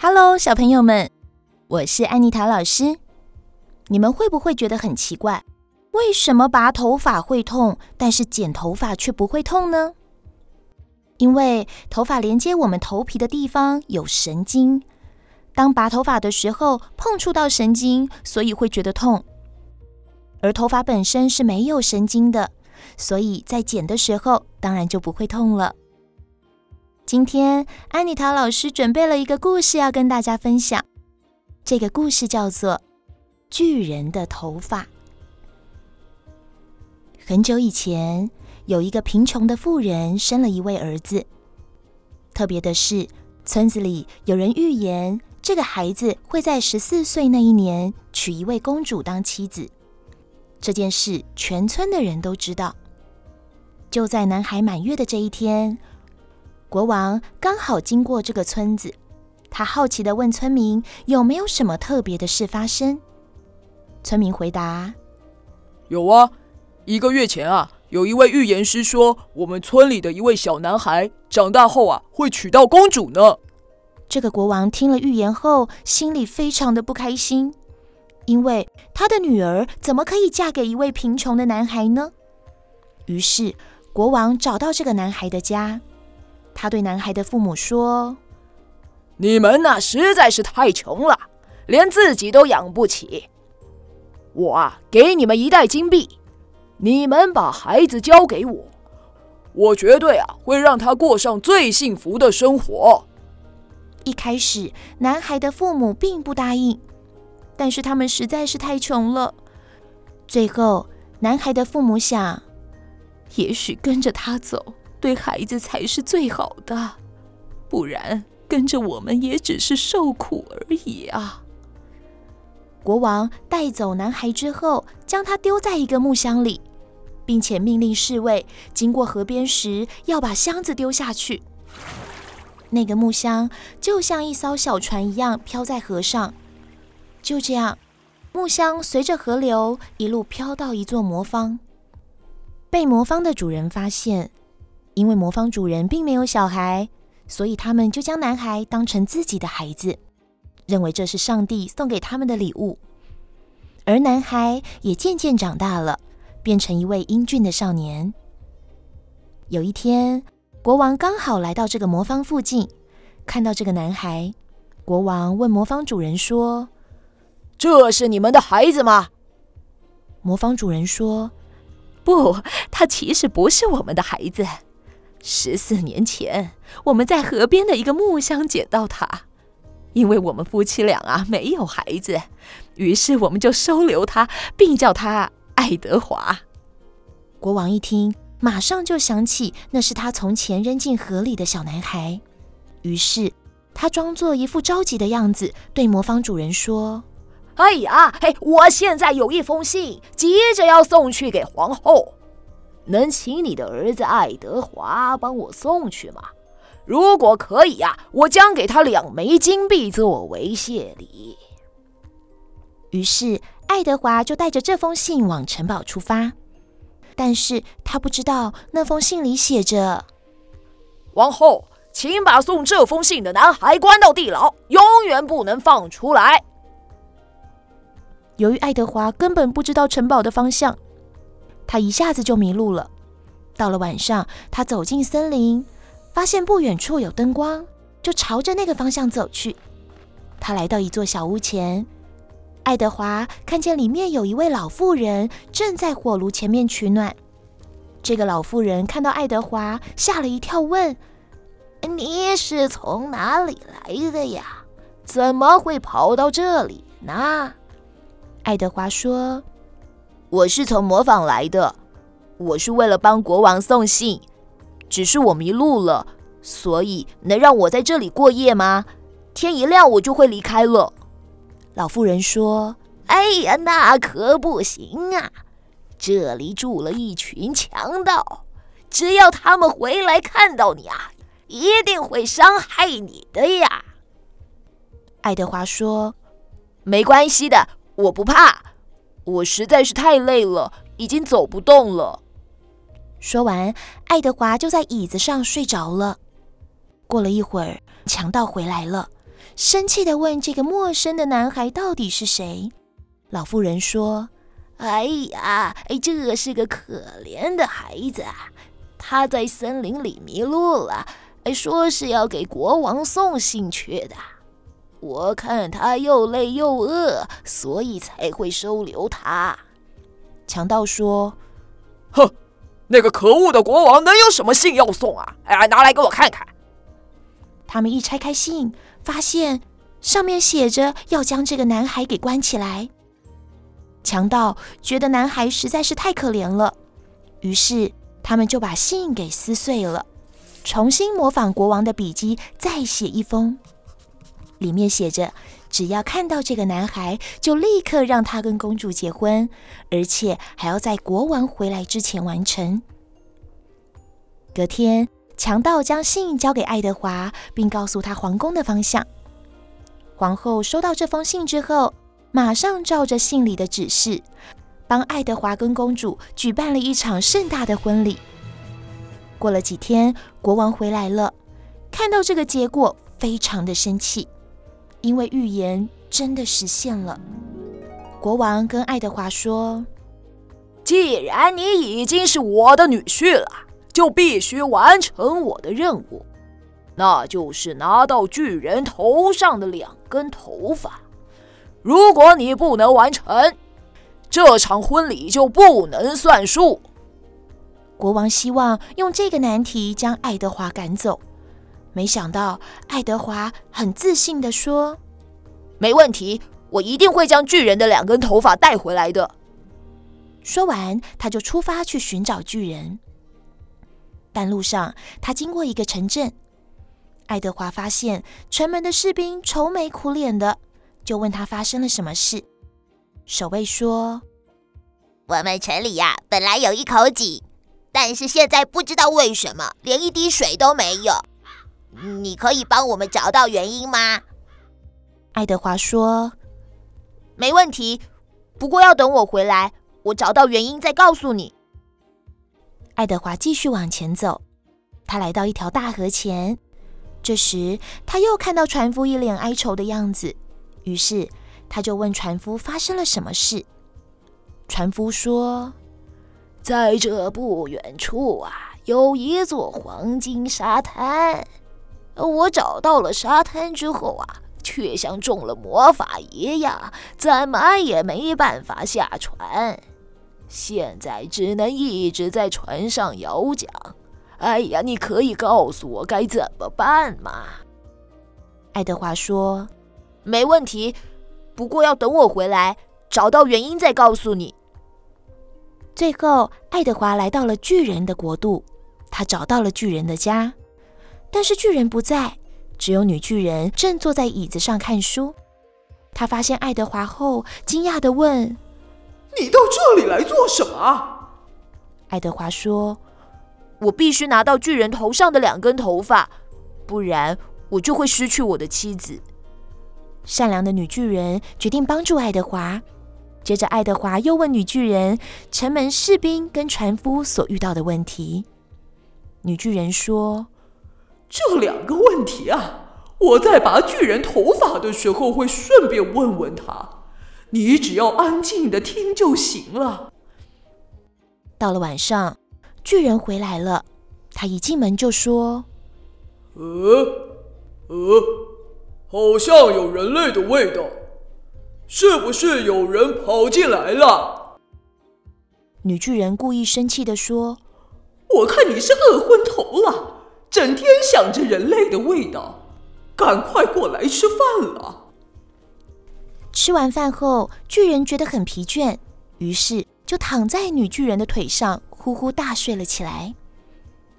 哈嘍，Hello, 小朋友們，我是安妮塔老師。你們會不會覺得很奇怪？為什麼拔頭髮會痛，但是剪頭髮卻不會痛呢？因為頭髮連接我們頭皮的地方有神經，當拔頭髮的時候碰觸到神經，所以會覺得痛；而頭髮本身是沒有神經的，所以在剪的時候當然就不會痛了。今天，安妮塔老師準備了一個故事要跟大家分享。這個故事叫做《巨人的頭髮》。很久以前，有一個貧窮的婦人生了一位兒子。特別的是，村子裡有人預言，這個孩子會在十四歲那一年娶一位公主當妻子。這件事，全村的人都知道。就在男孩滿月的這一天。國王剛好經過這個村子，他好奇地問村民：“有沒有什麼特別的事發生？”村民回答：“有啊，一個月前啊，有一位預言師說，我們村裡的一位小男孩長大後啊，會娶到公主呢。”這個國王聽了預言後，心裡非常的不開心，因為他的女兒怎麼可以嫁給一位貧窮的男孩呢？於是，國王找到這個男孩的家。他對男孩的父母說：“你們吶、啊、實在是太窮了，連自己都養不起。我啊給你們一袋金幣，你們把孩子交給我，我絕對啊會讓他過上最幸福的生活。”一開始，男孩的父母並不答應，但是他們實在是太窮了。最後，男孩的父母想，也許跟着他走。對孩子才是最好的，不然跟着我們也只是受苦而已啊！國王帶走男孩之後，將他丟在一個木箱裡，並且命令侍衛經過河邊時要把箱子丟下去。那個木箱就像一艘小船一樣飄在河上，就這樣，木箱隨着河流一路飄到一座磨坊，被磨坊的主人發現。因為磨坊主人並沒有小孩，所以他們就將男孩當成自己的孩子，認為這是上帝送給他們的禮物。而男孩也漸漸長大了，變成一位英俊的少年。有一天，國王剛好來到這個磨坊附近，看到這個男孩。國王問磨坊主人說：“這是你們的孩子嗎？”磨坊主人說：“不，他其實不是我們的孩子。”十四年前，我們在河邊的一個木箱撿到他，因為我們夫妻倆啊，沒有孩子，於是我們就收留他，並叫他愛德華。國王一聽，馬上就想起那是他從前扔進河裡的小男孩，於是他裝作一副着急的樣子，對磨坊主人說：“哎呀，嘿、哎，我現在有一封信，急着要送去給皇後。”能請你的兒子愛德華幫我送去嗎？如果可以呀，我將給他兩枚金幣作為謝禮。於是，愛德華就帶着這封信往城堡出發。但是他不知道那封信裡寫着：“王後，請把送這封信的男孩關到地牢，永遠不能放出來。”由於愛德華根本不知道城堡的方向。他一下子就迷路了。到了晚上，他走進森林，發現不遠處有燈光，就朝着那個方向走去。他來到一座小屋前，愛德華看見裡面有一位老婦人正在火爐前面取暖。這個老婦人看到愛德華，嚇了一跳，問：“你是從哪裡來的呀？怎麼會跑到這裡呢？”愛德華說。我是從磨坊來的，我是為了幫國王送信，只是我迷路了，所以能讓我在這裡過夜嗎？天一亮我就會離開了。老婦人說：“哎呀，那可不行啊！這裡住了一群強盜，只要他們回來看到你啊，一定會傷害你的呀。”愛德華說：“沒關係的，我不怕。”我實在是太累了，已經走不動了。說完，愛德華就在椅子上睡着了。過了一會兒，強盜回來了，生氣地問：“這個陌生的男孩到底是誰？”老婦人說：“哎呀，哎，這是個可憐的孩子，啊，他在森林裡迷路了，說是要給國王送信去的。”我看他又累又餓，所以才會收留他。強盜說：“哼，那個可惡的國王能有什麼信要送啊？哎，拿來給我看看。”他們一拆開信，發現上面寫着要將這個男孩給關起來。強盜覺得男孩實在是太可憐了，於是他們就把信給撕碎了，重新模仿國王的筆跡再寫一封。裡面寫着：“只要看到這個男孩，就立刻讓他跟公主結婚，而且還要在國王回來之前完成。”隔天，強盜將信交給愛德華，並告訴他皇宮的方向。皇后收到這封信之後，馬上照着信裡的指示，幫愛德華跟公主舉辦了一場盛大的婚禮。過了幾天，國王回來了，看到這個結果，非常的生氣。因為預言真的實現了，國王跟愛德華說：“既然你已經是我的女婿了，就必須完成我的任務，那就是拿到巨人頭上的兩根頭髮。如果你不能完成，這場婚禮就不能算數。”國王希望用這個難題將愛德華趕走。沒想到，愛德華很自信地說：“沒問題，我一定會將巨人的兩根頭髮帶回來的。”說完，他就出發去尋找巨人。半路上，他經過一個城鎮，愛德華發現城門的士兵愁眉苦臉的，就問他發生了什麼事。守衛說：“我們城裡呀，本來有一口井，但是現在不知道為什麼，連一滴水都沒有。”你可以幫我們找到原因嗎？愛德華說：“沒問題，不過要等我回來，我找到原因再告訴你。”愛德華繼續往前走，他來到一條大河前。這時，他又看到船夫一臉哀愁的樣子，於是他就問船夫發生了什麼事。船夫說：“在這不遠處啊，有一座黃金沙灘。”我找到了沙灘之後啊，卻像中了魔法一樣，怎麼也沒辦法下船。現在只能一直在船上搖槳。哎呀，你可以告訴我該怎麼辦嗎？愛德華說：“沒問題，不過要等我回來找到原因再告訴你。”最後，愛德華來到了巨人的國度，他找到了巨人的家。但是巨人不在，只有女巨人正坐在椅子上看書。她發現愛德華後，驚訝地問：“你到這裡來做什麼？”愛德華說：“我必須拿到巨人頭上的兩根頭髮，不然我就會失去我的妻子。”善良的女巨人決定幫助愛德華。接着，愛德華又問女巨人城門士兵跟船夫所遇到的問題。女巨人說，這兩個問題啊，我在拔巨人頭髮的時候會順便問問他，你只要安靜的聽就行了。到了晚上，巨人回來了，他一進門就說：“呃，呃，好像有人類的味道，是不是有人跑進來了？”女巨人故意生氣地說：“我看你是餓昏頭了啊。”整天想着人類的味道，趕快過來吃飯了。吃完飯後，巨人覺得很疲倦，於是就躺在女巨人的腿上呼呼大睡了起來。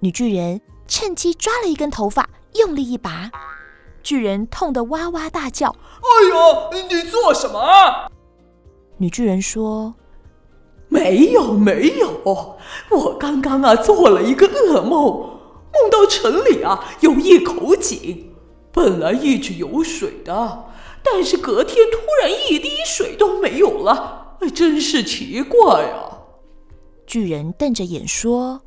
女巨人趁機抓了一根頭髮，用力一拔，巨人痛得哇哇大叫：“哎呦，你做什麼？”女巨人說：“沒有，沒有，我剛剛啊做了一個噩夢。”送到城裡啊，有一口井，本來一直有水的，但是隔天突然一滴水都沒有了，哎，真是奇怪啊。巨人瞪着眼說：“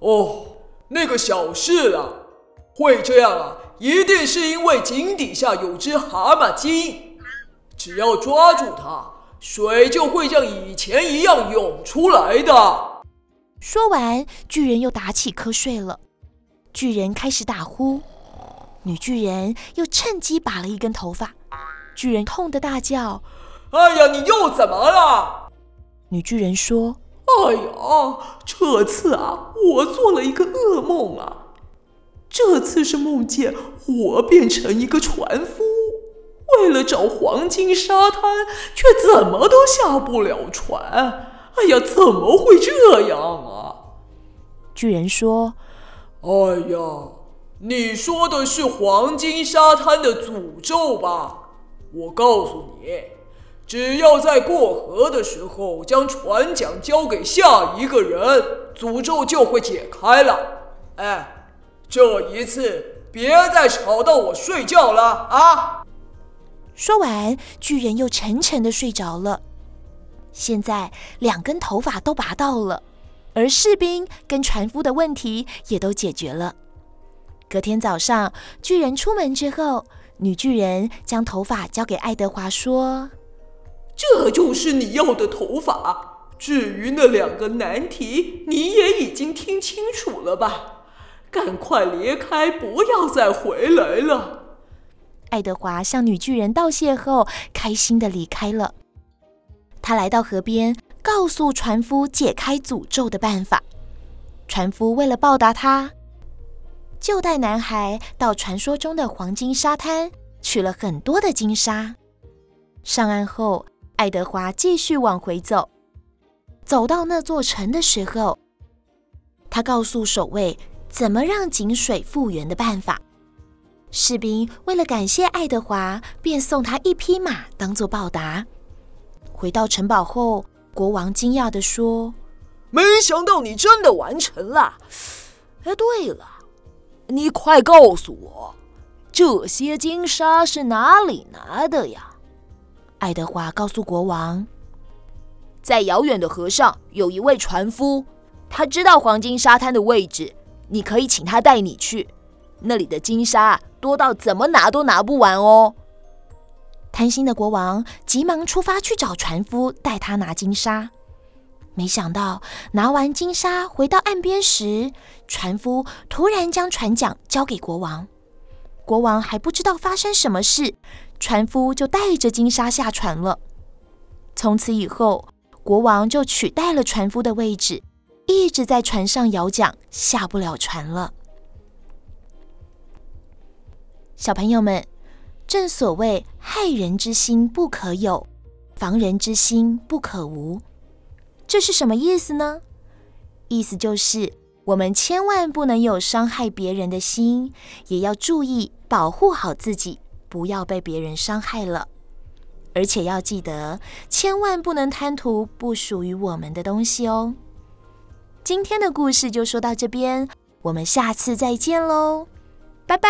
哦，那個小事啊，會這樣啊？一定是因為井底下有隻蛤蟆精，只要抓住它，水就會像以前一樣湧出來的。”說完，巨人又打起瞌睡了。巨人開始打呼，女巨人又趁機拔了一根頭髮，巨人痛得大叫：“哎呀，你又怎麼了？”女巨人說：“哎呀，這次啊，我做了一個噩夢啊，這次是夢見我變成一個船夫，為了找黃金沙灘，卻怎麼都下不了船。哎呀，怎麼會這樣啊？”巨人說。哎呀，你說的是黃金沙灘的詛咒吧？我告訴你，只要在過河的時候將船槳交給下一個人，詛咒就會解開了。哎，這一次別再吵到我睡覺了啊！說完，巨人又沉沉的睡着了。現在兩根頭髮都拔到了。而士兵跟船夫的問題也都解決了。隔天早上，巨人出門之後，女巨人將頭髮交給愛德華，說：“這就是你要的頭髮。至於那兩個難題，你也已經聽清楚了吧？趕快離開，不要再回來了。”愛德華向女巨人道謝後，開心地離開了。他來到河邊。告訴船夫解開詛咒的辦法。船夫為了報答他，就帶男孩到傳說中的黃金沙灘取了很多的金沙。上岸後，愛德華繼續往回走。走到那座城的時候，他告訴守衛怎麼讓井水復原的辦法。士兵為了感謝愛德華，便送他一匹馬當做報答。回到城堡後。國王驚訝地說：“沒想到你真的完成了！哎，對了，你快告訴我，這些金沙是哪裡拿的呀？”愛德華告訴國王：“在遙遠的河上有一位船夫，他知道黃金沙灘的位置，你可以請他帶你去。那裡的金沙多到怎麼拿都拿不完哦。”貪心的國王急忙出發去找船夫，帶他拿金沙。沒想到拿完金沙回到岸邊時，船夫突然將船槳交給國王。國王還不知道發生什麼事，船夫就帶着金沙下船了。從此以後，國王就取代了船夫的位置，一直在船上搖槳，下不了船了。小朋友們。正所謂害人之心不可有，防人之心不可無。這是什麼意思呢？意思就是我們千萬不能有傷害別人的心，也要注意保護好自己，不要被別人傷害了。而且要記得，千萬不能貪圖不屬於我們的東西哦。今天的故事就說到這邊，我們下次再見嘍，拜拜。